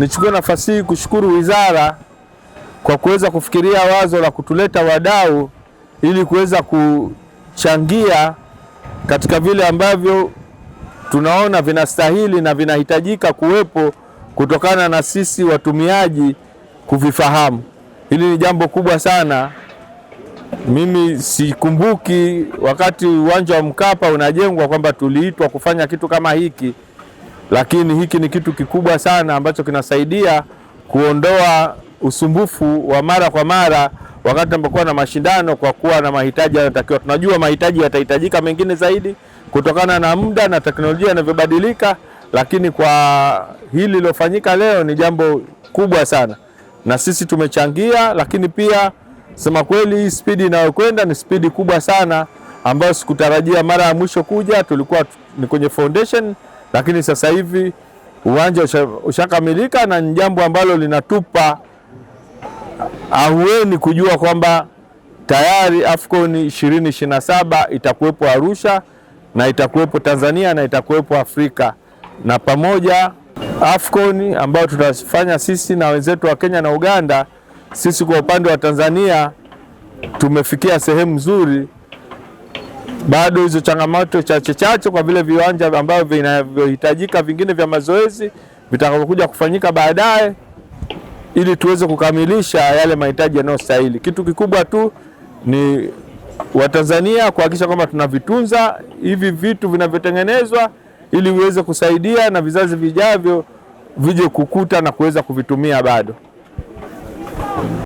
Nichukue nafasi hii kushukuru wizara kwa kuweza kufikiria wazo la kutuleta wadau ili kuweza kuchangia katika vile ambavyo tunaona vinastahili na vinahitajika kuwepo kutokana na sisi watumiaji kuvifahamu. Hili ni jambo kubwa sana. Mimi sikumbuki wakati uwanja wa Mkapa unajengwa kwamba tuliitwa kufanya kitu kama hiki lakini hiki ni kitu kikubwa sana ambacho kinasaidia kuondoa usumbufu wa mara kwa mara wakati tunapokuwa na mashindano, kwa kuwa na mahitaji yanatakiwa. Tunajua mahitaji yatahitajika mengine zaidi kutokana na muda na teknolojia inavyobadilika, lakini kwa hili lilofanyika leo ni jambo kubwa sana, na sisi tumechangia, lakini pia sema kweli, hii spidi inayokwenda ni spidi kubwa sana ambayo sikutarajia. Mara ya mwisho kuja tulikuwa ni kwenye foundation lakini sasa hivi uwanja ushakamilika usha, na ni jambo ambalo linatupa ahueni kujua kwamba tayari AFCON 2027 itakuwepo Arusha na itakuwepo Tanzania na itakuwepo Afrika na pamoja AFCON ambayo tutafanya sisi na wenzetu wa Kenya na Uganda. Sisi kwa upande wa Tanzania tumefikia sehemu nzuri bado hizo changamoto chache chache, kwa vile viwanja ambavyo vinavyohitajika vingine vya mazoezi vitakavyokuja kufanyika baadaye, ili tuweze kukamilisha yale mahitaji yanayostahili. Kitu kikubwa tu ni Watanzania kuhakikisha kwamba tunavitunza hivi vitu vinavyotengenezwa, ili viweze kusaidia na vizazi vijavyo vije kukuta na kuweza kuvitumia bado